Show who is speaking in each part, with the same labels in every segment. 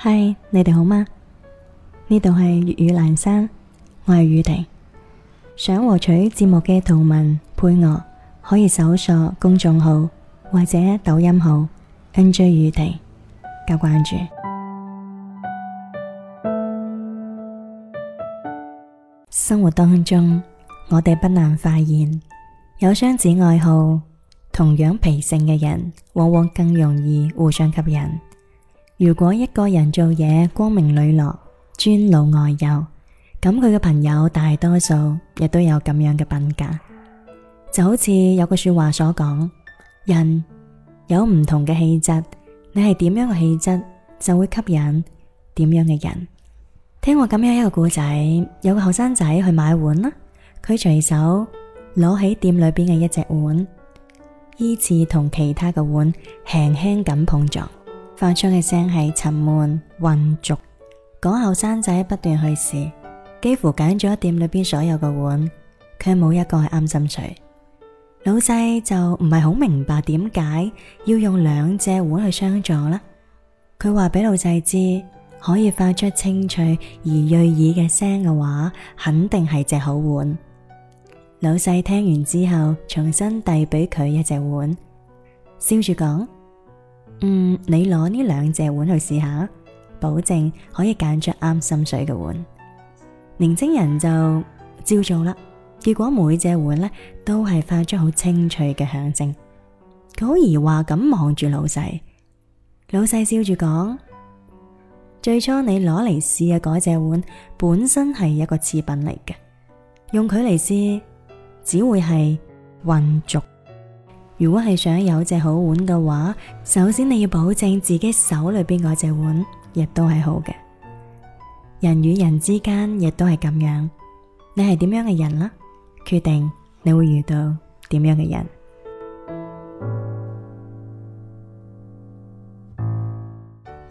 Speaker 1: 嗨，Hi, 你哋好嗎？呢度係粵語闌珊，我係宇婷。想獲取節目嘅圖文配樂，可以搜索公眾號或者抖音號 NJ 宇婷加關注。生活當中，我哋不難發現，有相似愛好、同樣脾性嘅人，往往更容易互相吸引。如果一個人做嘢光明磊落、尊老愛幼，咁佢嘅朋友大多數亦都有咁樣嘅品格。就好似有句說話所講：人有唔同嘅氣質，你係點樣嘅氣質，就會吸引點樣嘅人。聽我咁樣一個故仔，有個後生仔去買碗啦，佢隨手攞起店裏邊嘅一隻碗，依次同其他嘅碗輕輕咁碰撞。發出嘅聲係沉悶渾濁，講後生仔不斷去試，幾乎揀咗店裏邊所有嘅碗，卻冇一個係啱心水。老細就唔係好明白點解要用兩隻碗去相撞啦。佢話俾老細知，可以發出清脆而悅耳嘅聲嘅話，肯定係隻好碗。老細聽完之後，重新遞俾佢一隻碗，笑住講。嗯，你攞呢兩隻碗去試下，保證可以揀出啱心水嘅碗。年青人，就照做啦。結果每隻碗呢都係發出好清脆嘅響聲。佢好疑惑咁望住老細，老細笑住講：最初你攞嚟試嘅嗰隻碗本身係一個次品嚟嘅，用佢嚟試只會係混濁。如果係想有隻好碗嘅話，首先你要保證自己手裏邊嗰隻碗亦都係好嘅。人與人之間亦都係咁樣，你係點樣嘅人啦，決定你會遇到點樣嘅人。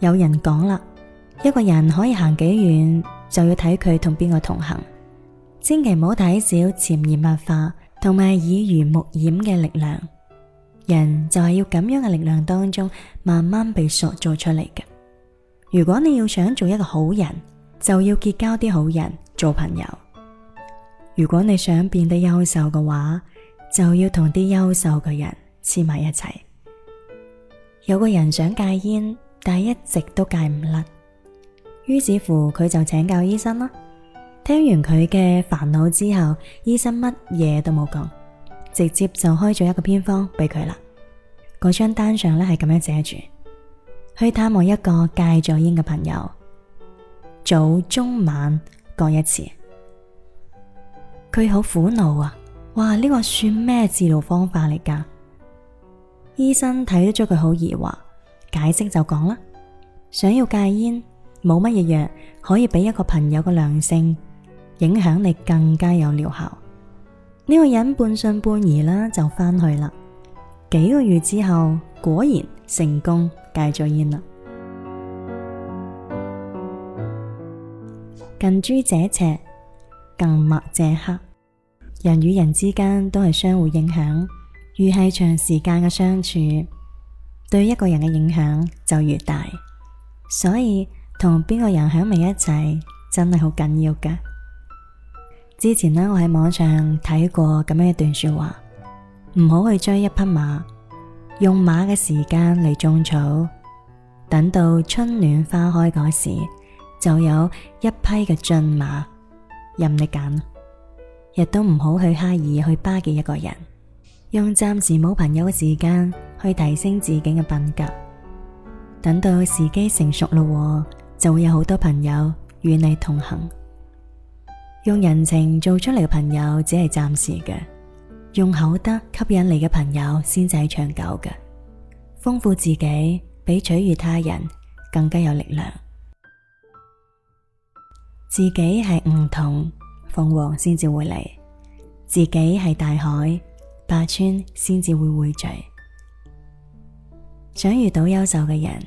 Speaker 1: 有人講啦，一個人可以行幾遠，就要睇佢同邊個同行，千祈唔好睇小潛移默化同埋耳濡目染嘅力量。人就係要咁樣嘅力量當中，慢慢被塑造出嚟嘅。如果你要想做一個好人，就要結交啲好人做朋友；如果你想變得優秀嘅話，就要同啲優秀嘅人黐埋一齊。有個人想戒煙，但係一直都戒唔甩，於是乎佢就請教醫生啦。聽完佢嘅煩惱之後，醫生乜嘢都冇講。直接就開咗一個偏方俾佢啦。嗰張單上咧係咁樣寫住：去探望一個戒咗煙嘅朋友，早、中、晚各一次。佢好苦惱啊！哇，呢個算咩治療方法嚟噶？醫生睇得咗佢好疑惑，解釋就講啦：想要戒煙，冇乜嘢藥可以俾一個朋友嘅良性影響力更加有療效。呢個人半信半疑啦，就返去啦。幾個月之後，果然成功戒咗煙啦。近朱者赤，近墨者黑。人與人之間都係相互影響，越係長時間嘅相處，對一個人嘅影響就越大。所以同邊個人喺埋一齊，真係好緊要噶。之前呢，我喺網上睇過咁樣一段說話，唔好去追一匹馬，用馬嘅時間嚟種草，等到春暖花開嗰時，就有一批嘅駿馬任你揀。亦都唔好去刻意去巴結一個人，用暫時冇朋友嘅時間去提升自己嘅品格，等到時機成熟咯，就會有好多朋友與你同行。用人情做出嚟嘅朋友只係暫時嘅，用厚德吸引嚟嘅朋友先至係長久嘅。豐富自己，比取悦他人更加有力量。自己係梧桐，鳳凰先至會嚟；自己係大海，百川先至會匯聚。想遇到優秀嘅人，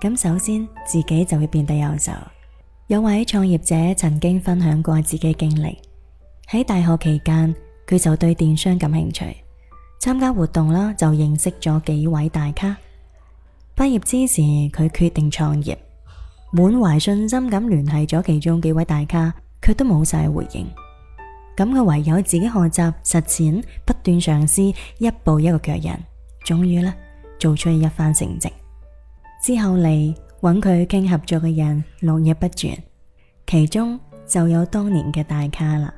Speaker 1: 咁首先自己就會變得優秀。有位創業者曾經分享過自己經歷，喺大學期間佢就對電商感興趣，參加活動啦就認識咗幾位大咖。畢業之時，佢決定創業，滿懷信心咁聯繫咗其中幾位大咖，卻都冇晒回應。咁佢唯有自己學習實踐，不斷嘗試，一步一個腳印，終於呢做出一番成績。之後嚟。搵佢傾合作嘅人絡繹不絕，其中就有當年嘅大咖啦。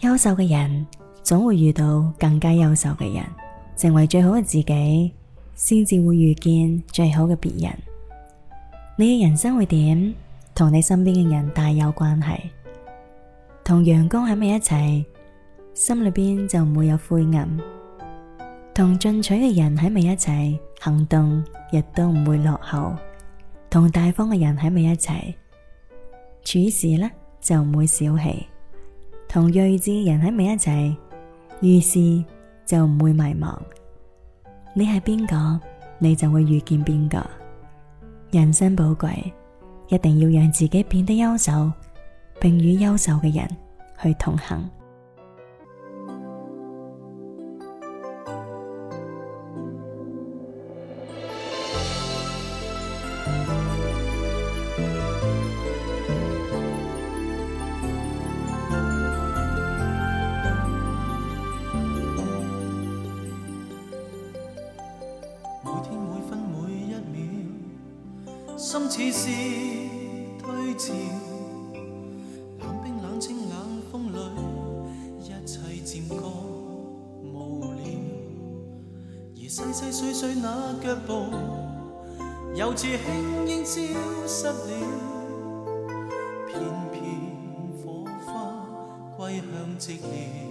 Speaker 1: 優秀嘅人總會遇到更加優秀嘅人，成為最好嘅自己，先至會遇見最好嘅別人。你嘅人生會點，同你身邊嘅人大有關係。同陽光喺埋一齊，心裏邊就唔會有晦暗。同進取嘅人喺埋一齊，行動亦都唔會落後；同大方嘅人喺埋一齊，處事呢就唔會小氣；同睿智嘅人喺埋一齊，遇事就唔會迷茫。你係邊個，你就會遇見邊個。人生寶貴，一定要讓自己變得優秀，並與優秀嘅人去同行。
Speaker 2: 似是退潮，冷冰冷清冷風裏，一切漸覺無聊。而細細碎碎那腳步，又似輕煙消失了，片片火花歸向寂寥。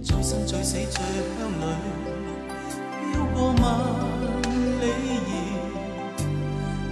Speaker 2: 醉生醉死醉香裏，飄過萬。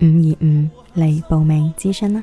Speaker 1: 五二五嚟報名
Speaker 2: 諮詢啦。